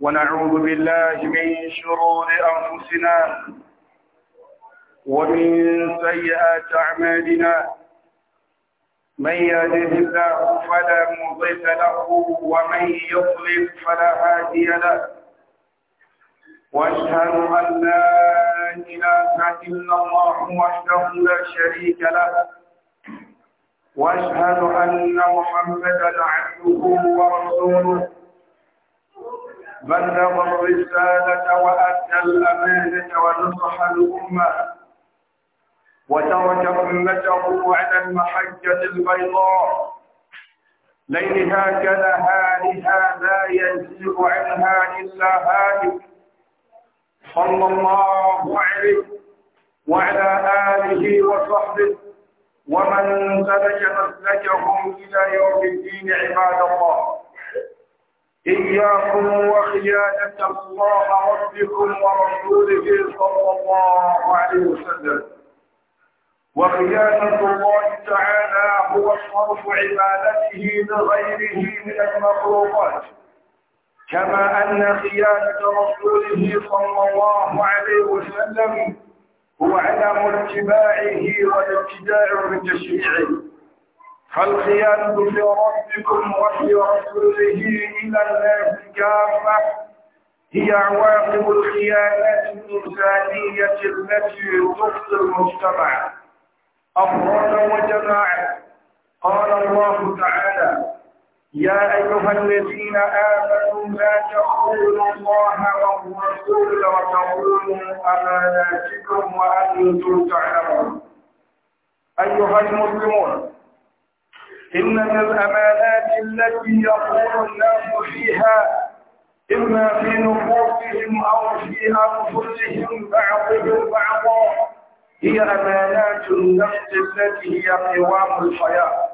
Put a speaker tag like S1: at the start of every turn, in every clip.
S1: ونعوذ بالله من شرور أنفسنا ومن سيئات أعمالنا من يهده الله فلا مضل له ومن يضلل فلا هادي له واشهد ان لا اله الا الله وحده لا شريك له
S2: واشهد ان
S1: محمدا عبده ورسوله بلغ الرساله وادى الامانه ونصح الامه وترك امته على المحجه البيضاء ليلها كنهارها لا يزيغ عنها الا هالك صلى الله عليه وعلى اله وصحبه ومن سلك مسلكهم إلى يوم الدين عباد الله إياكم وخيانة الله ربكم ورسوله صلى الله عليه وسلم وخيانة الله تعالى هو صرف عبادته لغيره من المخلوقات كما أن خيانة رسوله صلى الله عليه وسلم هو عدم اتباعه والابتداع بتشريعه فالخيانة في ربكم وفي رسوله إلى الناس كافة هي عواقب الخيانة الإنسانية التي تخطي المجتمع أفراد وجماعة قال الله تعالى يا أيها الذين آمنوا لا تقولوا الله والرسول وتقولوا أماناتكم وأنتم تعلمون أيها المسلمون إن من الأمانات التي يقول الناس فيها إما في نفوسهم أو في أنفسهم بعضهم بعضا هي أمانات النفس التي هي قوام الحياة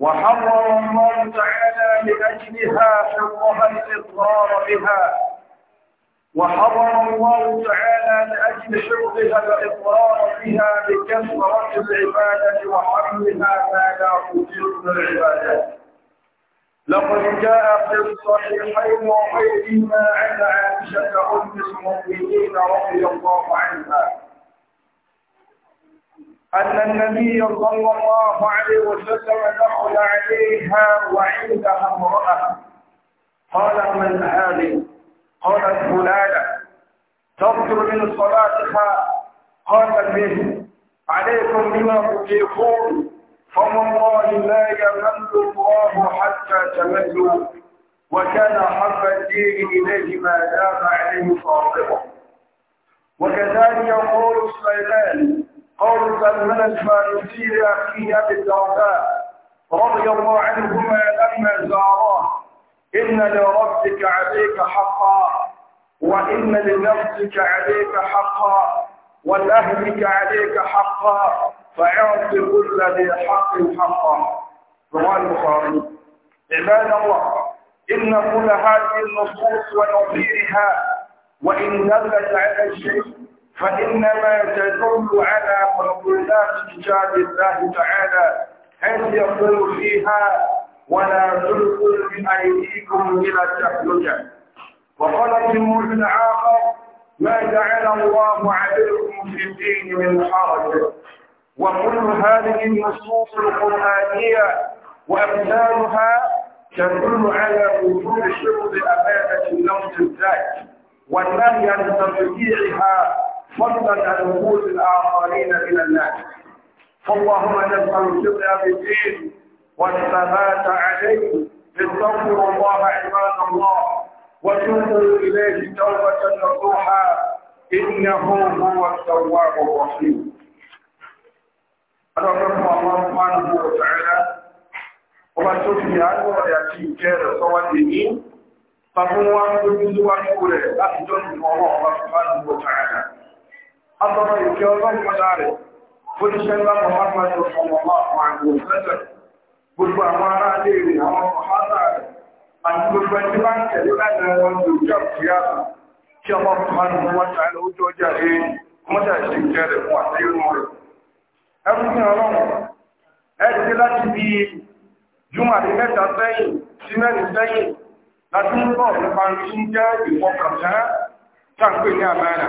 S1: وحرم الله تعالى لأجلها حرمها الإضرار بها وحرم الله تعالى لأجل حرمها الإضرار بها بكثرة العبادة وحملها ما لا تطيق من العبادات لقد جاء في الصحيحين وغيرهما عن عائشة أم المؤمنين رضي الله عنها أن النبي صلى الله عليه وسلم دخل عليها وعندها امرأة قال من هذه؟ قالت فلانة تبطل من صلاتها قال به عليكم بما تطيقون فوالله لا يمل الله حتى تملوا وكان حب الدين إليه ما دام عليه صادقه
S2: وكذلك
S1: يقول سليمان قربا من الفارسي لاخيه ابي الدرداء رضي الله عنهما لما زاراه ان لربك عليك حقا وان لنفسك عليك حقا ولاهلك عليك حقا فاعط كل ذي حق حقا رواه البخاري عباد الله ان كل هذه النصوص ونظيرها وان دلت على شيء فإنما تدل على مقولات رجال الله تعالى هل يقول فيها ولا تلقوا بأيديكم إلى التهلكة وقال جمهور آخر ما جعل الله عليكم في الدين من حرج وكل هذه النصوص القرآنية وأمثالها تدل على وجود شرط أمانة النفس الذات والنهي عن تضييعها فضلا عن وجود الاخرين من الناس فاللهم نسال الرضا بالدين والثبات عليه استغفر الله عباد الله وتوبوا اليه توبه نصوحا انه هو التواب الرحيم هذا رب الله سبحانه وتعالى وما توفي عنه ولا يأتي كير سوى فهو أن يجوز وأن يقول لك أحد الله سبحانه وتعالى atọ́mọ ìkẹ́ ọlọ́pọ̀lá rẹ̀ fúnṣẹ́ ńlá mọ̀mọ́tò ọmọmọ́ àwọn òṣèlú gbogbo àwọn ará ilé rẹ̀ àwọn ọmọmọ́tà rẹ̀ àti gbogbo ẹni bá ń tẹ̀lé láti wọn tó jẹ́ òkúyà kí ọmọ mọ̀mọ́tò wọn tà ní ojú ọjà rẹ̀ mọ́tà ìṣe ìjẹ́ rẹ̀ fún àti irun rẹ̀ ẹkú ní ọlọ́run ẹ̀rí dé láti bí júmọ̀ àti mẹ́ta sẹ́yìn sí mẹ́rin sẹ́yìn láti ń bọ̀ nípa ń jẹ́ ìfọkàntán tàǹpé ní àmẹ́rẹ̀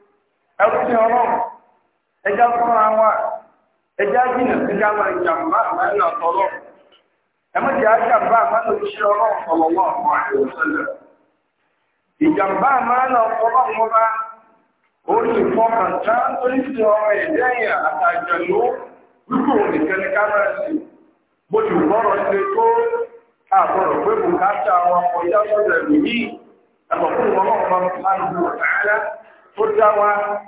S1: ẹrú ti ọlọ́run ẹja fúnra wa ẹja jìnnà sí ká máa jàmbá ọrụ tọ́lọ́ ẹmọ́jì àjàmbá àmàlà òṣìṣẹ́ ọlọ́run ọ̀lọ́wọ́ àwọn àìwòsẹ́lẹ̀ ìjàmbá àmàlà ọlọ́run ọba orí ìfọkàntá tó ń fi ọmọ ẹ̀dẹ́ yẹn nìkan ká máa bó ti ṣe tó àbọ̀rọ̀ pé ẹ̀mí yìí fún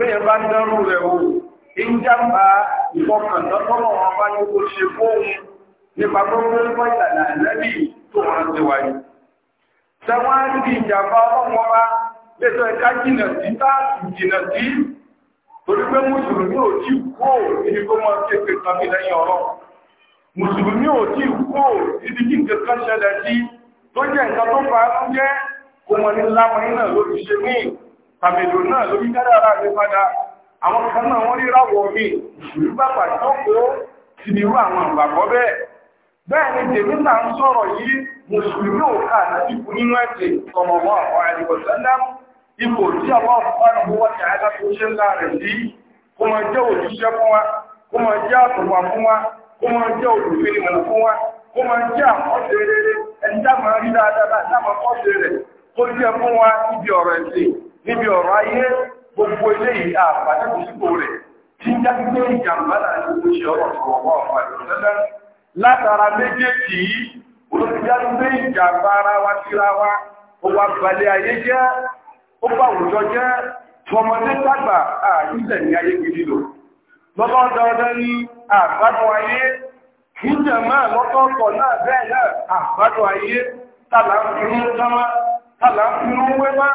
S1: bẹ́ẹ̀ bá dánrù rẹ̀ o ìjàmbá ìfọkàntọ́tọ́lọ̀ wọn bá ní kó ṣe fóun nípa gbogbo ẹgbẹ́ ìlànà ìlẹ́bí tó wọ́n ti wáyé sẹ́wọ́n á ní ìjàmbá ọlọ́wọ́n bá lẹ́tọ́ ẹ̀ká jìnà sí táàtì jìnà sí torí pé mùsùlùmí ò tí kó ibi kó mọ́ sí pé tàbí lẹ́yìn ọ̀rọ̀ mùsùlùmí ò tí kó ibi kí nǹkan tàmìlò náà lórí dáadáa rẹ̀ padà àwọn kan náà wọ́n ríra wọ̀ mí ìlú bàbà tọ́kọ ti nírú àwọn àgbàgbọ́ bẹ́ẹ̀ bẹ́ẹ̀ ni tèmi náà ń sọ̀rọ̀ yìí mùsùlùmí ò ká àti ikú nínú ẹ̀sìn ọmọọmọ àwọn àdìgbòsẹ́ndàm ipò tí àwọn ọ̀pọ̀lọpọ̀ owó ti àyàká tó ṣe ńlá rẹ̀ sí kó máa jẹ́ òṣìṣẹ́ fún wa kó máa jẹ́ àtọ̀wà fún wa kó máa jẹ́ olùfẹ́ ìmọ̀lẹ̀ fún wa kó máa jẹ́ àkọ́ṣe rere ẹni dá máa rí ọ̀rọ̀ ẹ̀sìn níbi ọ̀rọ̀ ayé gbogbo eléyìí àpàdé òsìkò rẹ̀ tí ń jáde pé ìjàmbá náà ní kò ṣe ọ̀rọ̀ tó wọ́n wà lọ́dọ́ látara méjèèjì yìí olùdíjáde pé ìjàmbá ara wa síra wa ó wá balẹ̀ ayé jẹ́ ó bá àwùjọ jẹ́ tọmọdé dàgbà àìsílẹ̀ ní ayé gidi lò lọ́dọ́ dandan ní àgbádùn ayé níjà máa lọ́tọ̀ọ̀tọ̀ náà bẹ́ẹ̀ náà àgbádùn ayé tàlà ń fi ń dánmá tàlà ń máa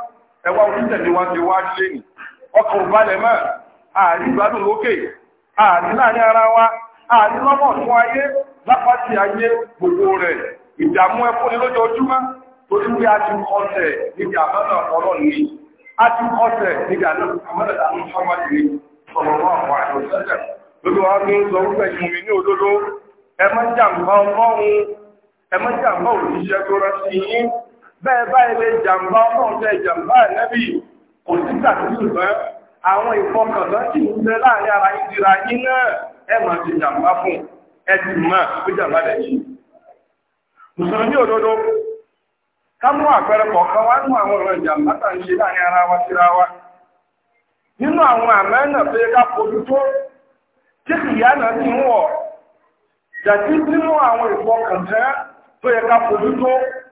S1: ẹwà onítẹ̀lé wọn ti wá ní ọkọ̀ òbalẹ̀ mọ́ ààrí ìgbádùn lókè ààrí láàrin ara wa ààrí lọ́mọ̀ fún ayé lápáti ayé gbogbo rẹ̀ ìdààmú ẹkúni lójoojúmọ́ torí pé a ti kọsẹ̀ ni a ti kọsẹ̀ bẹ́ẹ̀ báyìí lè jàǹbá ọlọ́run lè kò sí ṣàtúnṣùgbọ́n àwọn ìfọkànlọ́ sì ń fẹ́ láàrin ara yín dira yín ti fún ti mọ̀ pé jàǹbá òdodo àpẹẹrẹ kọ̀ọ̀kan wá àwọn ọ̀rọ̀ ṣe láàrin ara wa síra wa. nínú àwọn àmẹ́nà ká fojú tó tí ìyá náà ti ń wọ̀ jàdí nínú àwọn tó yẹ ká fojú tó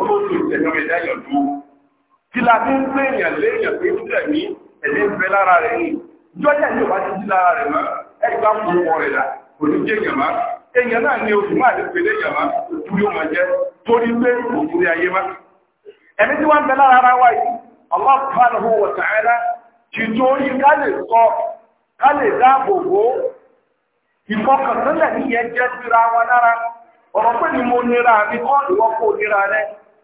S1: olóòtú ìṣẹ̀lẹ̀ orí ẹ̀dá èèyàn dúró kí la fi ń pè èèyàn léèyàn pé ó tẹ̀mí ẹ̀dẹ́ ń bẹ lára rẹ̀ yìí jọ́jà ní ìwà títí lára rẹ̀ mọ́ ẹgbà fún ọkọ rẹ̀ dà kò ní jẹ́ èèyàn náà ní oṣù máa ní yóò máa jẹ́ torí pé ayé má tí wọ́n ń bẹ lára ara wa yìí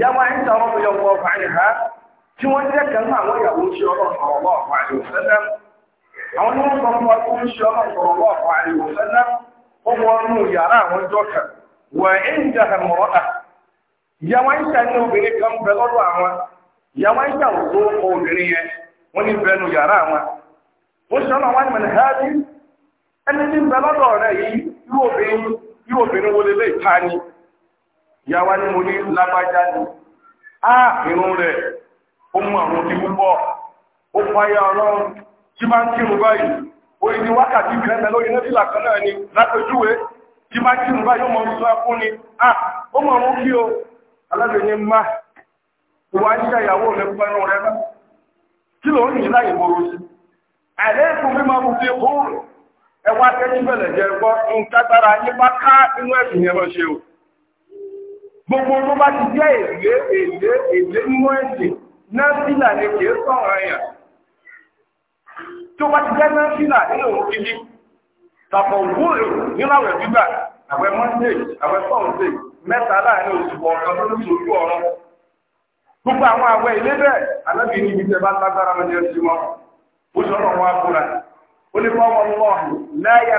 S1: ya àyíṣà ọmọ yọ ọmọ ọkọ ha tí wọn jẹ́ kan àwọn ìyàwó ń ṣe ọlọ́run ọ̀rọ̀ ọ̀pọ̀ àyè òṣèlú àwọn ni wọ́n sọ fún wa ń ṣe ọlọ́run ọ̀rọ̀ ọ̀pọ̀ àyè òṣèlú ó wọ yàrá àwọn ń obìnrin kan bẹ àwọn obìnrin yẹn bẹ nu yàrá àwọn ṣe wọn ẹni bẹ yìí yàwá ni mo ní lágbájá ni á irun rẹ̀ ó mú àwọn ti púpọ̀ ó fáyà ọlọ́run tí máa ń kírun báyìí ó ní wákàtí ìfẹ́mẹ́ lórí nẹ́fìlà kan náà ni lápẹjúwe tí máa ń kírun báyìí ó mọ̀ ń sọ fún ni á ó mọ̀ ń kí o alábẹ̀ẹ́ni má ìwà ń ṣàyàwó rẹ̀ pẹ́nu rẹ̀ náà kí ló ń yìn láyé mọ́rọ́ sí àìlẹ́kùn mímọ mú fi kúrò ẹwà tẹ́jú bẹ̀lẹ̀ jẹ́ gbọ́ nǹkan tára yín bá ká inú ẹ̀sìn yẹn lọ ṣe o gbogbo tó bá ti jẹ́ èlé èlé èlé nínú ẹ̀sìn náfìlà ni kìí sọ̀rọ̀ ẹ̀yàn tó bá ti jẹ́ náfìlà nínú òun kìíní tàbọ̀ wúlò nínú gbígbà àwẹ̀ monday àwẹ̀ sunday mẹ́ta láàrin oṣù tó gbogbo àwọn àwẹ̀ ilé bẹ́ẹ̀ bá lágbára wọn ó sọ ọ̀rọ̀ wọn ó ní láyà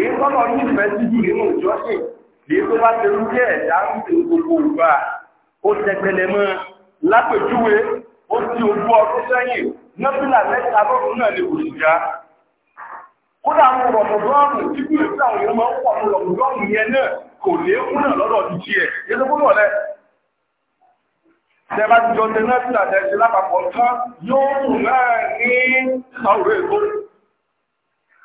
S1: èyí tọ́lọ̀ ní ìfẹ́ síjú nínú ìjọsìn lè tó bá ti rúgbé ẹ̀dá ń fi gbogbo ògbà ó tẹpẹlẹ mọ́ lápèjúwe ó ti ojú ọdún sẹ́yìn nọ́bílà mẹ́ta lọ́rùn náà lè kò síga kódà ń rọ̀ mọ̀dọ́rùn tí kí èsì àwọn èèyàn máa ń pọ̀ lọ mọ̀dọ́rùn yẹn náà kò lékún náà lọ́dọ̀ ti tiẹ̀ yẹn tó gbọ́dọ̀ lẹ tẹ́bá ti jọ tẹ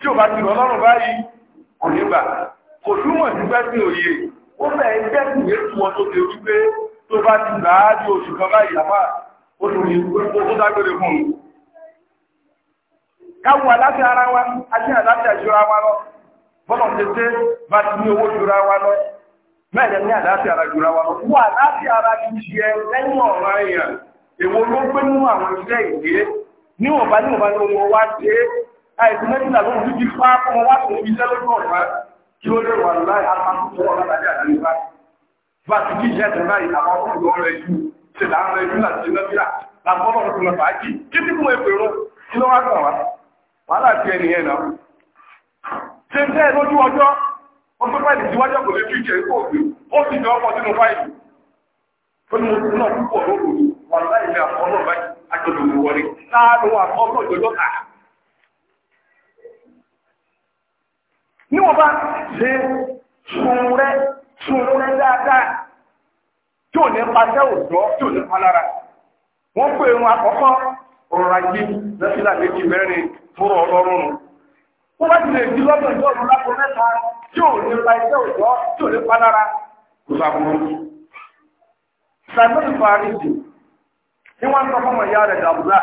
S1: tí o bá ti rọ lọ́rùn báyìí kò ní gbà kò sí gbẹ́sìn òye ó fẹ́ gbẹ́sìn yé tu wọn tó ṣe wípé tó bá ti gbà á oṣù kan báyìí dágbére fún un. káwọn aláṣẹ ara wa aláṣẹ wa ara wa lọ wọ́n aláṣẹ ara ti lẹ́yìn èèyàn èwo ló gbé nínú àwọn iṣẹ́ níwọ̀nba níwọ̀nba ni àìsí mẹ́tìlá lóhun ní bíi fáá fún wa fún iṣẹ́ lójú ọ̀rọ̀ kí ó lè wà láì apákòtò ọ̀rọ̀ láti àdáyé bá bá ti kí iṣẹ́ tẹ̀ láì àwọn ọkùnrin ọ̀rọ̀ ẹ̀jú ṣe láàárọ̀ ẹ̀jú láti lọ́bíà làbọ́lọ̀ tó lọ fàájì kí tí mo èpè rún kí ló wá kàn wá wàhálà ti ẹni yẹn náà ṣe ń tẹ́ lójú ọjọ́ ó tó fáìlì tí wájọ́ kò lè fi ìjẹ́ ikú òfin ó sì jọ ọkọ̀ sínú fáìlì tó ní mo tún náà púpọ̀ lóòrùn wà láì ní àfọ́ náà báyìí àjọ̀dọ̀ òwò wọlé láàárọ̀ àfọ́ náà jọjọ́ níwọ̀n bá ṣe sun rẹ sun rẹ dáadáa tí ò ní paṣẹ òjò tí ò ní palára wọ́n pè irun àkọ́kọ́ ọ̀rọ̀ ajé lẹ́sílà méjì mẹ́rin fúnra ọlọ́run wọ́n bá ti lè di lọ́dọ̀ ìjọ òun lápò mẹ́ta tí ò ní paṣẹ tí ò ní palára kò sàbùrù. sọ fún ọmọ ìyá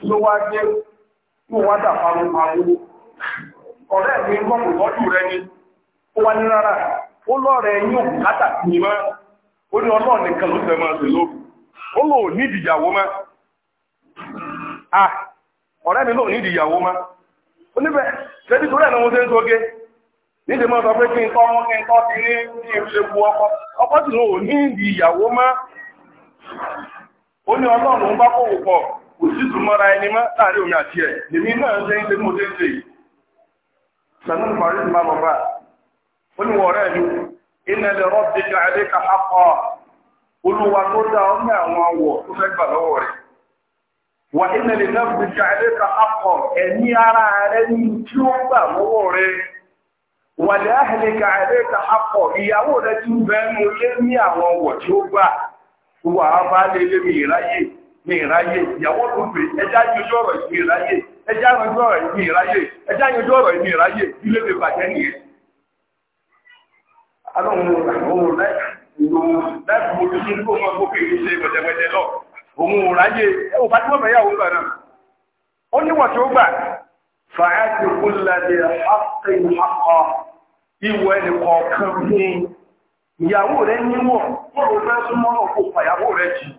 S1: ló wá dé mú wá dà paru ọ̀rẹ́ mi mọ́kù rẹ ni ó wá ní rárá ó lọ́rẹ̀ yóò látà sí mọ́ ó ní ọlọ́ọ̀ nìkan ló fẹ́ máa sì ó lò ní ìdìyàwó ah ọ̀rẹ́ mi lò ní ìdìyàwó mọ́ ó níbẹ̀ ṣẹ́bí torí ẹ̀ náà mo ṣe ń sọ́gé níbi mọ́ sọ pé kí n kí n tọ́ ti ní kò sí ìdúmọ́ra ẹni mọ́ láàrin omi àti ẹ̀ lèmi náà ṣe ń ṣe mú déńdé sanu paris máa bọ̀ bá ó ní wọ̀ọ́rẹ́ mi iná lè rọ́ bí rẹ̀ ara tí ó ka bẹ́ẹ̀ mú lé ní àwọn tí ó gbà wà bá mi ìráyè ìyàwó olùgbé ẹjá yanjú ọ̀rọ̀ ìmí ìráyè ẹjá yanjú ọ̀rọ̀ ìmí ìráyè ẹjá yanjú ọ̀rọ̀ ìmí ìráyè ilé mi bàjẹ́ nìyẹn. alóhùn òun ìwọ̀ ẹni kọ̀ọ̀kan fún ìyàwó rẹ̀ níwọ̀n fẹ́ súnmọ́ rẹ̀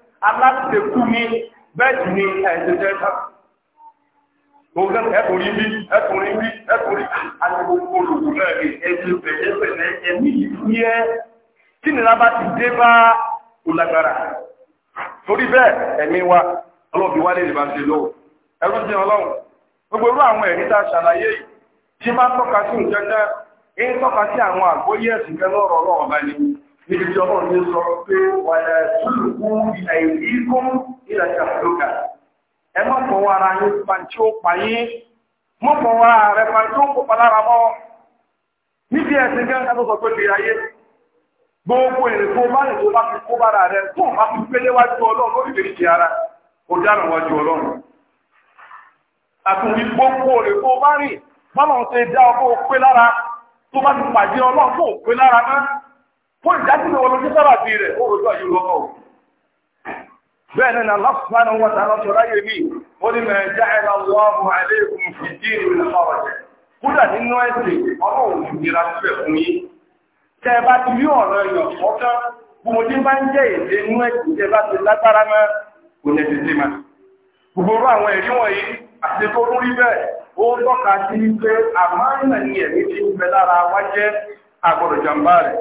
S1: aláṣekú ní bẹ́ẹ̀dì ní ẹ̀ẹ́dẹ̀dẹ̀ náà gbogbo bí ẹkùnrin bí ẹkùnrin àtàkùn olùkù náà ní ẹ̀mí yẹ tí nìlá bá ti dé bá torí bẹ́ẹ̀ ẹ̀mí wa ọlọ́bí wá lè Níbi tí ọmọ ní sọ pé wàlẹ̀ túlùkú ilẹ̀ ìdíkún ilẹ̀ ìjàmùlùkà. Ẹ má pọ̀ wá ara yín pàǹtí ó pa yín. Mọ́ pọ̀ wá rẹ̀ pàǹtí ó pọ̀ lára mọ́. Níbi ẹ̀sìn gẹ́gẹ́ ká tó sọ pé lè ayé. Gbogbo èrè tó bá lè tó bá fi kó bára rẹ̀ tó bá fi pélé wájú ọlọ́run lórí ìbèrè ti ara. Ó dára wájú ọlọ́run. Àtùnrí gbogbo èrè tó bá rìn, bọ́lọ̀ ń ṣe dá ọkọ̀ òpé lára tó bá ti pàdé ọlọ́run tó òpé lára náà. fún ìdásílẹ̀ wọn lójú sábà sí rẹ̀ ó rojọ́ yìí o. bẹ́ẹ̀ ni Allah subhanahu wa mi ó ní ma ja'ala Allahu alaykum fi ad-din min haraj kódà nínú ẹ̀sìn ọ̀rọ̀ òmìnira síbẹ̀ fún yín. tẹ́ bá ti rí ọ̀rọ̀ ẹ̀yàn fọ́tán gbogbo tí bá ń jẹ́ èdè inú ẹ̀sìn tẹ́ bá ti lágbára mọ́ kò ní gbogbo àwọn ẹ̀rí wọ̀nyí àti tó bẹ́ẹ̀ ó tọ́ka sí pé àmọ́ ẹ̀mí ti ń bẹ lára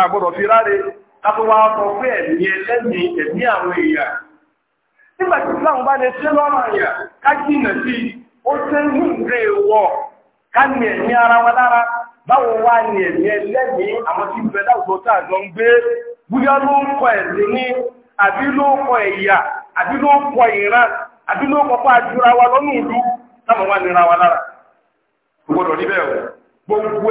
S1: àgbọ̀dọ̀ fi ráre kápẹ́wà ẹ̀mí ẹ̀mí àwọn èèyàn láwọn bá lè ṣe lọ́rọ̀ sí ó ká ní wa lára báwo wá ní ẹ̀mí ẹlẹ́mìí àwọn tí bẹ láwùjọ tá àjọ ń gbé bóyá ló ń kọ ẹ̀sìn ní àbí ló ń kọ ẹ̀yà àbí ló ń kọ nira wa lára gbogbo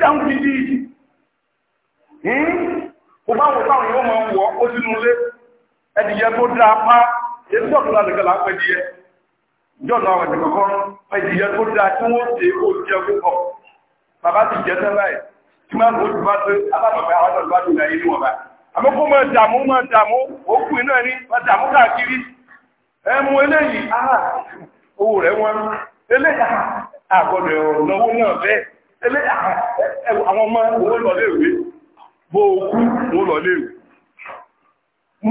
S1: dáhùn gidi kò bá wò táwọn yóò máa wọ ó sínú ilé ẹdìyẹ tó dáa pa èyí tó kúlà nìkan là ń pẹ díẹ̀ jọ̀nà àwọn ẹ̀dẹ̀ kọ̀ọ̀kan ẹdìyẹ tó dáa tí wọ́n ṣe kó jẹ púpọ̀ bàbá ti jẹ tẹ́lá ẹ̀ tí máa ń lò ó bá tó alábàbẹ̀ àwọn ọ̀dọ́ bá dùn láyé níwọ̀n bá àmọ́ kó máa dààmú máa òkú iná ní máa dààmú káàkiri ẹ mú eléyìí ah! owó rẹ̀ wọ́n eléyìí ah! Elé ah, àwọn ọmọ owó lọ léèwé, bó okú wó lọ léèwé.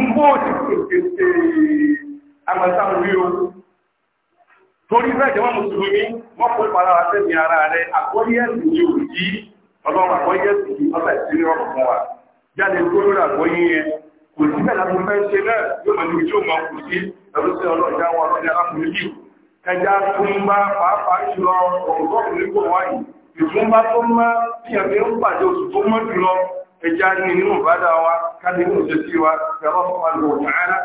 S1: Mbó ti pèsè àmàtàwí o. Torí bẹ́ẹ̀ jẹ́ wọ́n mùsùlùmí, wọ́n kó para wa sẹ́mi ara rẹ̀, àgbọ́yé ẹ̀sìn yóò yí, ọlọ́run àgbọ́yé ẹ̀sìn yìí, ọlọ́run ẹ̀sìn rọrùn fún wa. Jáde kúrò àgbọ́yé yẹn, kò sí bẹ́ẹ̀ láti fẹ́ ṣe náà yóò mọ̀ níbi tí ó máa kù sí ẹ̀rọ sí ọlọ́ọ̀dá wọn ọ̀sẹ̀ alákùnrin yìí. Ẹja tún bá pàápàá jùlọ ọ̀rọ̀ ìfúnbá tó mọ́ tí ẹ̀fẹ́ ń pàdé oṣù tó mọ́ jùlọ ẹja ní nínú ìbádá wa káàkiri oṣù sí wa yàrá fún àlùkò tààrà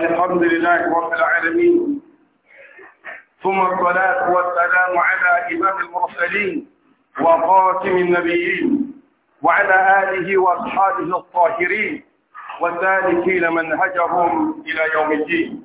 S1: alhamdulillahi rabbil alamin ثم الصلاة والسلام على إمام المرسلين وقاتم النبيين وعلى آله وأصحابه الطاهرين وسالكين منهجهم إلى يوم الدين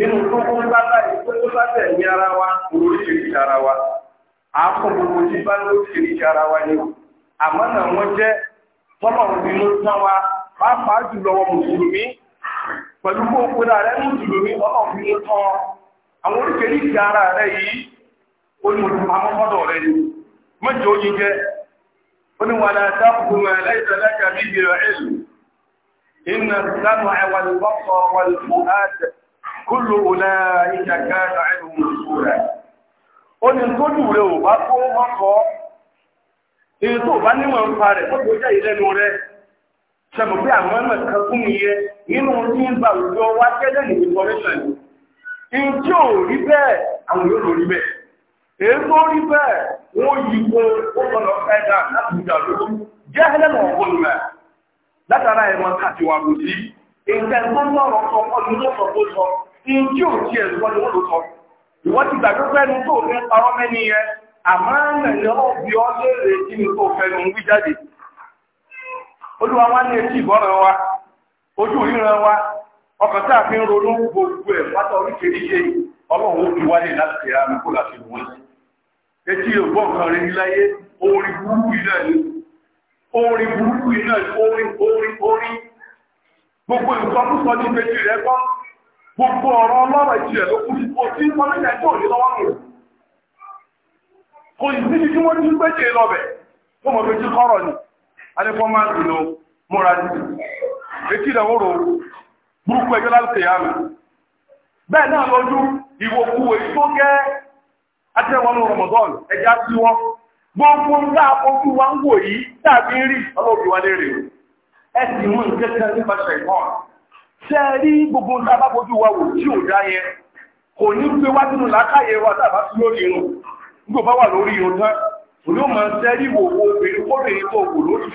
S1: nínú kókó bàbá ìkókó bàbá ẹ̀yìn ara wa oríṣiríṣi ara wa àákùn gbogbo tí bá lóríṣiríṣi ara wa ni àmọ́ náà wọ́n jẹ́ tọ́lọ̀rùn nínú tán wa pàápàá jùlọ wọn mùsùlùmí pẹ̀lú kó kódà rẹ mùsùlùmí ọlọ́run tán àwọn oríṣiríṣi ara rẹ yìí ó ní rẹ ni jẹ́ ó ní wàlá rẹ̀ kúlù ọ̀nà ìjàgá àìrù mùsùlùmí rẹ̀. ó ní rí bẹ́ẹ̀ àwọn yóò lórí bẹ́ẹ̀ èyí rí bẹ́ẹ̀ wọ́n ó kọ́nà láti ìjà jẹ́ ẹlẹ́mọ̀ látara ìjú òjì ẹ̀rù wọn ni wọ́n lò sọ. Ìwọ́n ti gbàgbé pẹ́nu tó fẹ́ parọ́ mẹ́ni yẹn, àmọ́ nàìjíríà ó bí ọ léèrè kí ni tó fẹ́ nu wí jáde. Olúwa wá ní etí ìbọ̀ràn wa, ojú ríran wa, ọkàn tá a fi ń ronú gbogbo ẹ̀ pátá oríkèéríkè ọlọ́run ó fi wálé láti ṣe àmì kó láti wù wọ́n. Etí ògbọ́n kan rí láyé, orin burúkú iná ni, orin burúkú iná ni, orin, orin, orin. Gbogbo ìsọkúsọ ní méjì rẹ̀ gbọ́n. Gbogbo ọ̀rọ̀ ọlọ́rọ̀ ìjìyà ló kú kò sí ọlọ́jà tí ò lọ́wọ́ rẹ̀. Kò sí ní kí wọ́n ti gbéjì lọ́bẹ̀, wọ́n mọ̀ méjì kọ́rọ̀ ni, alẹ́kọ́ máa ń dùn múra ní. Etí ìdàwó ro burúkú ẹjọ́ láti mi. Bẹ́ẹ̀ náà èyí tó gẹ́ ẹja sí wọn. Gbogbo ń dá wa ń wò yìí rí wa lérè. tẹ́ gbogbo nta dábá bójú wa wò tí ò dá kò ní pé wá nínú wa tàbá sí lórí irun nígbà bá wà lórí irun tán kò ní wo wo obìnrin lórí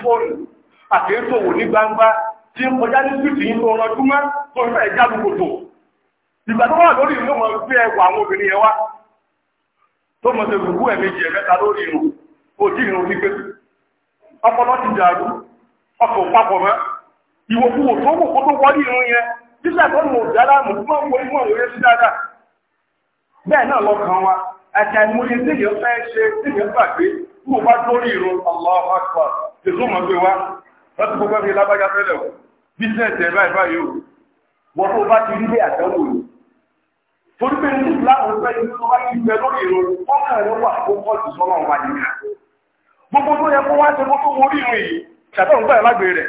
S1: fóònù àti ní gbangba tí ń kọjá ní síìtì yìí tó rọjú mọ́ tó ń fẹ́ jáde ìgbà tó wà lórí irun ló ẹwà àwọn obìnrin yẹn wá tó mọ̀ gbogbo ìwòkúwò tó wò kó tó wọlé irun yẹn títà tó ń lò dáláàmù tó máa ń wọ ìwọ̀n lórí sí dáadáa bẹ́ẹ̀ náà lọ́kàn wa àti àìmọye téèyàn fẹ́ ṣe téèyàn gbàgbé tí mo bá lórí irun Allahu Akbar tèso mọ̀ pé wá láti gbogbo fi lábájá fẹ́lẹ̀ o bísíǹsì ẹ̀ báyìí báyìí o wọ́n tó bá ti rí lé àtẹ́wò yìí torí pé ní ìlànà ìfẹ́ yìí tó bá ti bẹ lórí irun ọkàn rẹ̀ wà tó kọ́ ìsọ́nà wà nìyà gbogbo tó yẹ kó wá ṣe kó tó wọrí irun yìí ṣàtọ̀ ń gbà lágbèrè rẹ̀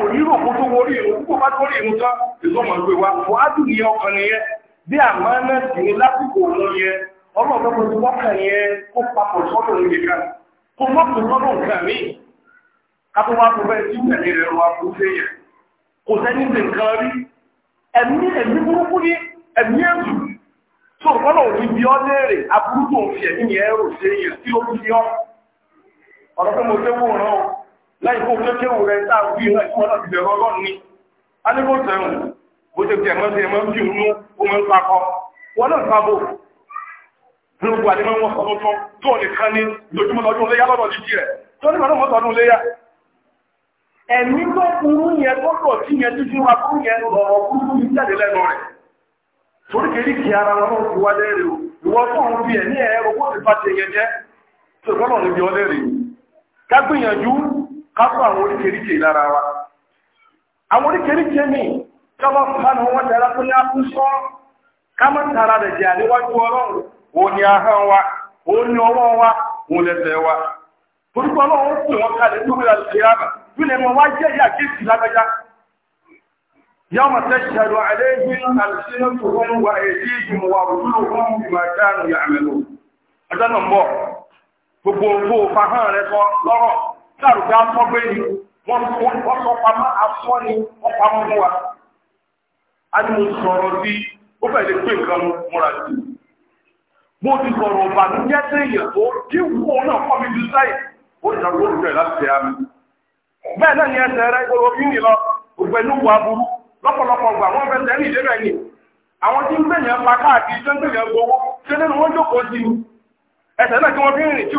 S1: rírò kó tó wọrí ìrùn kó bá tó rí ìrùn tán ìsọmọ ìwé wa fọ ádùn ní ọkàn nìyẹn bí àmọ́ náà sì ní lásìkò òun yẹn ọlọ́run tó ti wọ́kàn yẹn kó papọ̀ sọ́dọ̀ òun nìkan kó mọ́kùn sọ́dọ̀ nǹkan mi kátó wá tó bẹ́ẹ̀ tí ìgbà yẹn rẹ̀ wá kó séyẹn kò sẹ́ni lè kan rí ẹ̀mí ẹ̀mí burúkú ní ẹ̀mí ẹ̀sùn tó ọlọ́run ti bí ọ léèrè aburú tó ń fi ẹ̀mí yẹn rò séyẹn láì fún kéèké wò rẹ̀ tá a wí náà ìfún ọlọ́ọ̀dì bẹ̀rù ọlọ́ọ̀ni ni alẹ́kọ̀ọ́ sẹ́wọ̀n bó ṣe tiẹ̀ mọ́ sí ẹ̀mọ́ ń bíun nú ó máa ń pakọ́ wọn náà sábò gbogbo àdémọ́ wọn sọ tuntun tó ò nìkan ní lójúmọ́ lọ́dún léyà lọ́dọ̀ jíjí rẹ̀ tó ní màdán mọ́tọ́dún léyà ẹ̀mí tó burú yẹn tó pọ̀ sí yẹn tó fún wa burú yẹn lọ̀rọ̀ burúkú yìí jáde lẹ́nu rẹ̀ torí kiri kì ara wọn náà ti wá o ìwọ tó ń bí ẹ̀ ní ẹ̀rọ kó ti bá ti yẹn jẹ́ tó gbọ́dọ̀ ká fún àwọn oríkèéríkèé wa
S2: àwọn oríkèéríkèé
S1: mi tọ́lọ́ sánú wọn dára fún ní akúsọ́ ká tara rẹ̀ jẹ́ àníwájú ọlọ́run òun ni ahọ́n wa òun ni ọwọ́ wa òun wa torúkọ ọlọ́run pè wọ́n kalẹ̀ ya. wíra lè yára bí lè wá jẹ́ lágbájá gbogbo rẹ sọ lọ́rọ̀ láàrúgbà afọ́gbé ni wọ́n sọ pamọ́ afọ́ ni wa. a ní mo sọ̀rọ̀ di ó fẹ́ pé nǹkan múra sí. mo ti sọ̀rọ̀ ìbànújẹ́ sẹ́yìn tó kí wọ́n náà kọ́ mi ju sáyẹ̀ ó ní àwọn olùkọ́ láti ṣe àmì. bẹ́ẹ̀ náà ni ẹsẹ̀ mi lọ ògbẹ́ ní wà burú lọ́pọ̀lọpọ̀ gbà wọ́n fẹ́ sẹ́yìn ìdébẹ̀ ni. àwọn tí ń pa káàkiri tó ń gbowó nínú wọn jókòó sí ẹsẹ̀ náà wọ́n fi rìn tí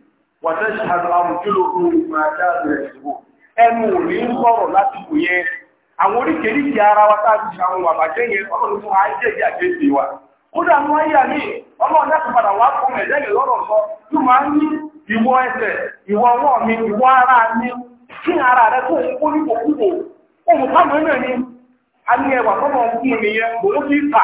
S1: wàtẹ́ṣàdù àmùjúlòkú ìgbàjáde ẹ̀ṣùgbò ẹnu òní ń sọ̀rọ̀ láti kò yẹ àwọn oríkèríkè ara wa táàbí àwọn àbàjẹ́ yẹn ọlọ́run fún wa kódà mú ayé àmì ọlọ́run láti padà wá fún lọ́rọ̀ sọ tó máa ń ní ìwọ ẹsẹ̀ ìwọ ọwọ́ mi ìwọ ara mi kí ara rẹ tó ń kó ní kòkúrò ohun kámọ́ náà ni a ní ẹwà tọ́mọ̀ ń fi fà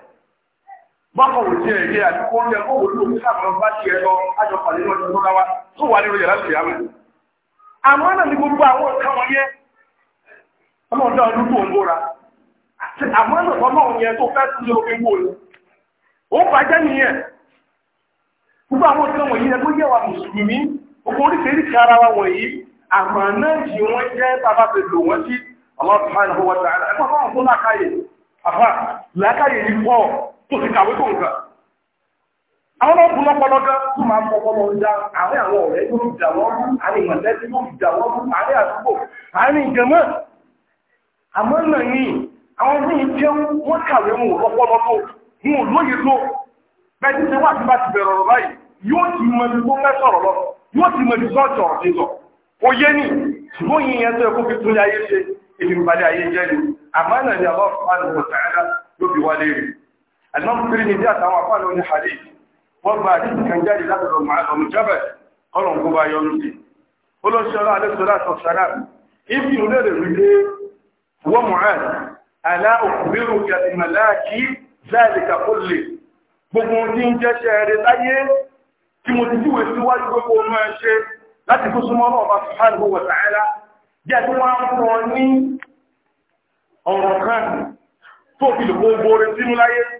S1: bákan wò tiẹ̀ yé àdúgbò ń lẹ́kọ̀ọ́ wò ló ń sàmọ́ bá tiẹ̀ lọ àjọ pàdé lọ́jọ́ tó dáwà tó wà nínú yàrá ìyá mi. àmọ́ náà ni gbogbo àwọn nǹkan wọn yẹ ọmọ ọ̀dọ́ ọdún tó ń bóra àmọ́ náà tọ́mọ̀ yẹn tó fẹ́ tún lé omi wò ni ó bàjẹ́ nìyẹn gbogbo àwọn nǹkan wọ̀nyí ẹ tó yẹ wa mùsùlùmí gbogbo oríṣiríṣi ara wa wọ̀nyí àmọ́ náà yìí wọ́n jẹ́ bàbá ti lò wọ́n sí tó ti kàwé tó nǹkan. àwọn náà kún lọ́pọlọ gan tó máa ń fọpọlọ ń da àárín àwọn ọ̀rẹ́ yóò dà wọ́n rú àárín ìmọ̀lẹ́bí yóò dà wọ́n rú àárín àdúgbò àárín ìjẹmọ́. àmọ́ náà ni àwọn míì jẹ́ wọ́n kàwé wọn lọ́pọlọ tó wọn ò lóye tó bẹ́ẹ̀ ti ṣe wá àti bá ti bẹ̀rẹ̀ ọ̀rọ̀ báyìí yóò ti mọ ibi tó fẹ́ sọ̀rọ̀ lọ yóò ti mọ ibi tó sọ̀rọ̀ sísọ kò yé ni ṣùgbọ́n yìí yẹn tó ẹkún fi tún ayé ṣe ìdìbò balẹ̀ ayé jẹ́ ni àmọ́ náà ni àwọn ọ̀fọ̀ àdúgbò tààdá ló alimọ́kùnrin ní àtàwọn afáàlẹ́ oní hadith wọ́n gba àdíjì kan jáde látọ̀rọ̀ mọ̀ọ́mù jábẹ̀ kọ́lọ̀ kó bá yọrù sí olóṣèlú alẹ́sọ̀lá sọ̀sára ibi ìlú lè rí lé wọ́n mọ̀ọ́n alá òkúrírù kẹtìmọ̀láàkì záàlìkà ó lè gbogbo ní ń jẹ́ṣẹ́ rẹ̀ láyé tí mo ti jíwèé síwájú gbogbo ọmọ ẹṣẹ́ láti kó súnmọ́ ọlọ́ọ̀bá subhanahu wa ta'ala jẹ́ tí wọ́n ń fún ọ ní ọ̀rọ̀ kan tó fi lè gbogbo rẹ̀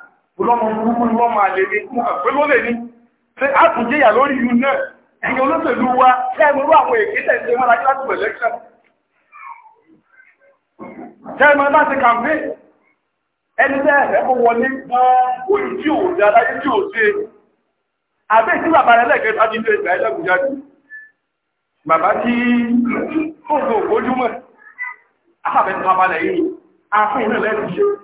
S1: lọ́mọ burúkú ni wọ́n máa lè ní pé ló lè ní ṣe àtúnjẹyà lórí ìlú náà ẹ̀yìn olóṣèlú wa ṣẹ́ẹ̀mọ́rú àwọn èké tẹ̀sí mọ́ra kí láti pẹ̀lẹ́ ṣẹ́ ṣẹ́ẹ̀mọ́ láti kàmpé ẹni tẹ́ ẹ̀fẹ́ kó wọlé gbogbo ìdí òde aláyé tí ò ṣe àbẹ́ ìdí bàbá rẹ̀ lẹ́gẹ̀ẹ́ tàbí ilé ìgbà ẹlẹ́gùn jáde bàbá tí fóònù ògbójúmọ̀ àfàbẹ́ tó bàbá rẹ̀ yìí àfihàn lẹ́nu ṣe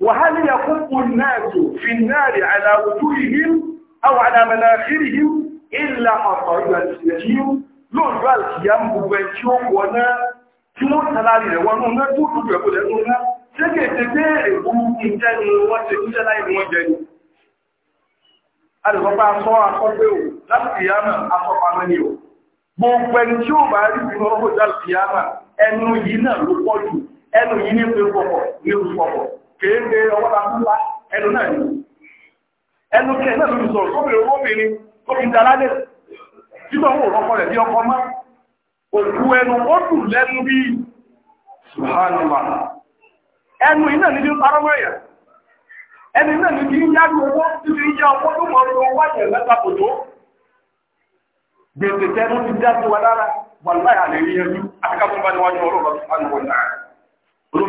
S1: وهل يكب الناس في النار على وجوههم أو على مناخرهم إلا حصائب ألسنتهم lóòrùn àìsíyàm gbogbo ẹ̀ tí ó wọ náà tí wọ́n tàlárì rẹ̀ wọnú náà tó dùdù ẹ̀kọ́ lẹ́nu náà ṣé kè ṣe pé èkó ìjẹ́ ni wọ́n ṣe níṣẹ́ láì wọ́n jẹ ni. alùpàpà sọ akọ́gbé o láti kìyàmà akọ́pamọ́ ni o gbogbo ẹni tí ó bá rí ìgbìmọ̀ ọgbọ̀dọ̀ kìyàmà ẹnu yìí náà ló pọ̀ jù ẹnu yìí ní pé pọ̀pọ̀ ní oṣù pọ̀pọ̀ kéèké ọwọ́ ta ẹnu náà ni ẹnu kẹ náà lórí sọ̀rọ̀ tó owó ni tó fi dára lé títọ́ owó ọkọ rẹ̀ bí ọkọ mọ́ òkú ẹnu ó dùn lẹ́nu bí ẹnu iná ní bí parọ́mọ́ yẹn ẹni ní bí ń yá owó títí ń yá owó tó mọ̀ tó gbèsè tẹnu ti dá sí wa wàlúwà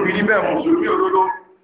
S1: rí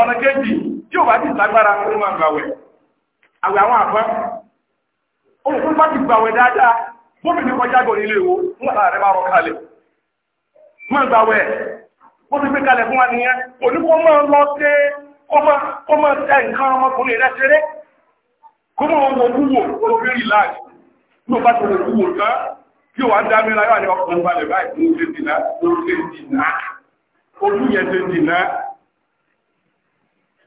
S1: ọ̀nà kejì tí ò bá ti lágbára ó máa gbàwẹ̀ àwẹ̀ àwọn àfá olùkún bá ti gbàwẹ̀ dáadáa gómìnà kọjá gò nílé ìwò fún àlà rẹ̀ bá rọ kalẹ̀ máa gbàwẹ̀ ó ti gbé kalẹ̀ fún wa nìyẹn kò ní kó máa lọ sí kó máa tẹ nǹkan ọmọkùnrin rẹ̀ ṣeré kó máa wọn wọ wúwo olóbìnrin láàyè tí ó bá ti wọ wúwo tán tí ó wà ti dìnnà ó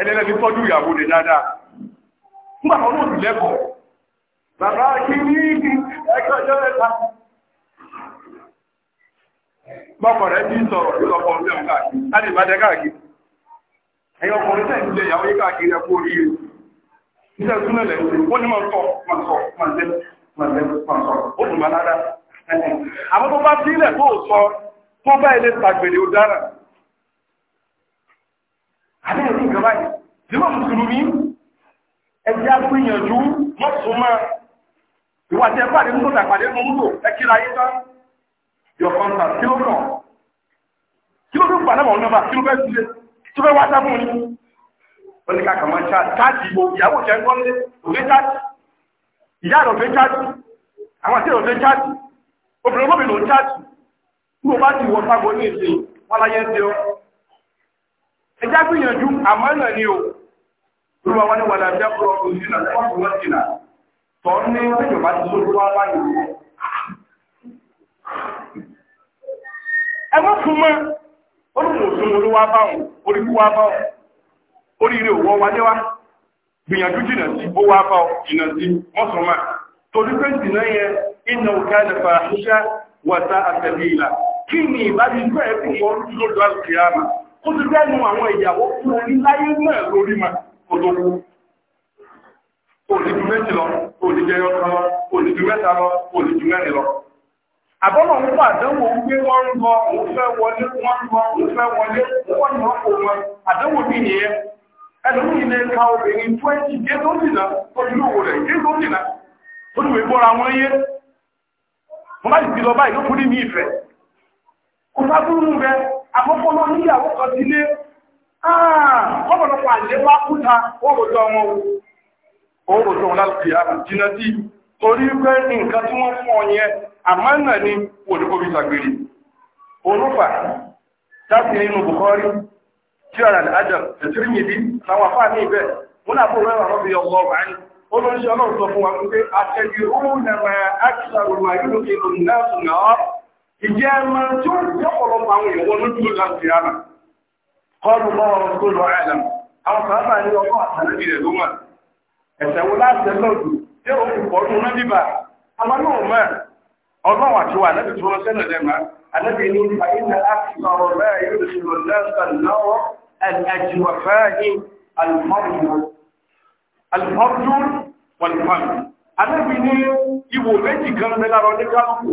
S1: ẹlẹ́lẹ́ fi tọ́jú ìyàwó rẹ̀ dáadáa nígbà tó lóòtù lẹ́kọ̀ọ́ bàbá kí ní ẹjọ́ ìjọ́ mẹ́ta gbọ́kọ̀ rẹ̀ ti ń sọ̀rọ̀ ìlọ́pọ̀ ọ̀rẹ́ ọ̀gá láti ìbádẹ́ káàkiri ẹ̀yọ́ ọkùnrin tẹ̀ nílé ìyàwó yí káàkiri ẹ̀kú oríire iṣẹ́ súnmẹ̀lẹ̀ ó ní máa ń sọ máa ń sọ máa ń lẹ́ máa ń lẹ́ máa ń sọ ó dùn máa lára àwọn tó bá sílẹ̀ tó sọ tó bá ilé tàgbèrè ó dára àbẹ́ẹ̀rí báyìí jùmọ̀ mùsùlùmí ẹjẹ́ agbóyànjú mọ́sùnmọ́ ìwàjẹ́ pàdé mú tó pàdé mú tó ẹkíra yí tán yọ kọ́ńtà kí ló kàn kí ló tó gbà náà wọn náà kí ló fẹ́ sílẹ̀ tó fẹ́ wá sábùn ni wọ́n ní ká kà máa ń ṣá táàtì ìbò ìyàwó jẹ́ ńkọ́lé òfé táàtì ìyá rẹ̀ òfé táàtì àwọn àti òfé táàtì obìnrin olóbìnrin ò táàtì kí wọ́n bá ti wọ sábùn ní ìsìn wọn láyé ń ṣe ọ́ ẹjá gbìyànjú àmọ́ náà ni o olúwa wọn ni wàlá ẹjá kúrò ọkùnrin sínú ọkùnrin wọn sínú tọ́ ní ìjọba ti sọ olúwa wá yìí. ẹ fún mọ́ olùmọ̀sùn olúwa bá wọn oríkú wa bá wọn oríire òwò wa gbìyànjú jìnà sí ó wá bá jìnà sí mọ́sùnmá torí pé jìnà yẹn iná òkè àdàfà àṣíṣà wàtá àtẹ̀lé ìlà kí ni ìbájú ó ti rẹ́nu àwọn ìyàwó fún orí láyé náà lórí ma kò lọ òdìjú lọ òdìjú mẹ́ta lọ òdìjú mẹ́rin lọ àbọ́mọ̀ ń pa àdánwò wípé wọ́n ń lọ fẹ́ wọlé wọ́n lọ wọlé wọ́n lọ òun wọn àdánwò bí nìyẹn ẹlòmíì ilé ka obìnrin gé tó dìnà rẹ̀ gé tó dìnà ó ti bọ́ra wọn yé bá ti lọ àkọ́kọ́ lọ níyàwó kan sílé ah, ọ̀pọ̀lọpọ̀ àlẹ́ wá kúta ọ̀rọ̀jọ́ wọn ọ̀rọ̀jọ́ wọn láti àrùn jìnà sí torí pé nǹkan tí wọ́n fún ni sàgbèrè nínú Bukhari tí ara ẹ̀sìrì afá wọn àpò wà lọ́bí ọgbọ́ olóńṣẹ́ ọlọ́run ìjẹ́ ẹmọ tí ó jẹ́ ọ̀pọ̀lọpọ̀ àwọn ìwọ̀n ló dúró láti ara kọlu lọ́wọ́ tó lọ ẹ̀lẹ̀m àwọn sábà ní ọkọ̀ àtàlẹ́bí rẹ̀ ló mọ̀ ẹ̀sẹ̀ wo láti ẹlọ́dù tí ó fi pọ̀ nínú bíbà àwọn náà mọ̀ ọlọ́wọ́ àti wà lẹ́bi tó rọ́ṣẹ́ lẹ̀ lẹ́mà alẹ́bi ní ìfà ilẹ̀ láti sọ̀rọ̀ bẹ́ẹ̀ yóò ti lọ lọ́wọ́ ẹ̀jìwọ̀fẹ́yìn ìwò méjì gan mẹ́lára ọdún kálukú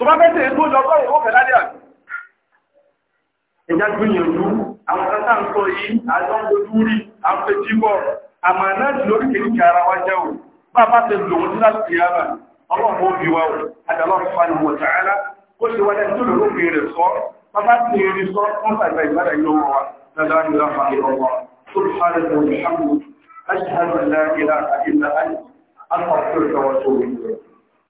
S1: tó bá bẹ́ẹ̀ tẹ̀lé tó jọ ọgọ́rùn ó fẹ̀ ládé àgbẹ̀. ẹ̀já gbìyànjú àwọn kátà ń sọ yìí àjọ ń dojú rí àfẹjíbọ̀ àmà náà jù lórí kìíní ara wa jẹ́ o bá bá ti lòun sí láti yára ọlọ́run ó bí wa o àdàlọ́run fani wọ̀ tààlà ó ṣe wá lẹ́ni tó lè lófin rẹ̀ sọ bàbá ti rí sọ fún àgbà ìgbàdà ìlú wa dáadáa ní láfa ìlú wa سبحانك وبحمدك أشهد أن لا إله إلا أنت أستغفرك وأتوب إليك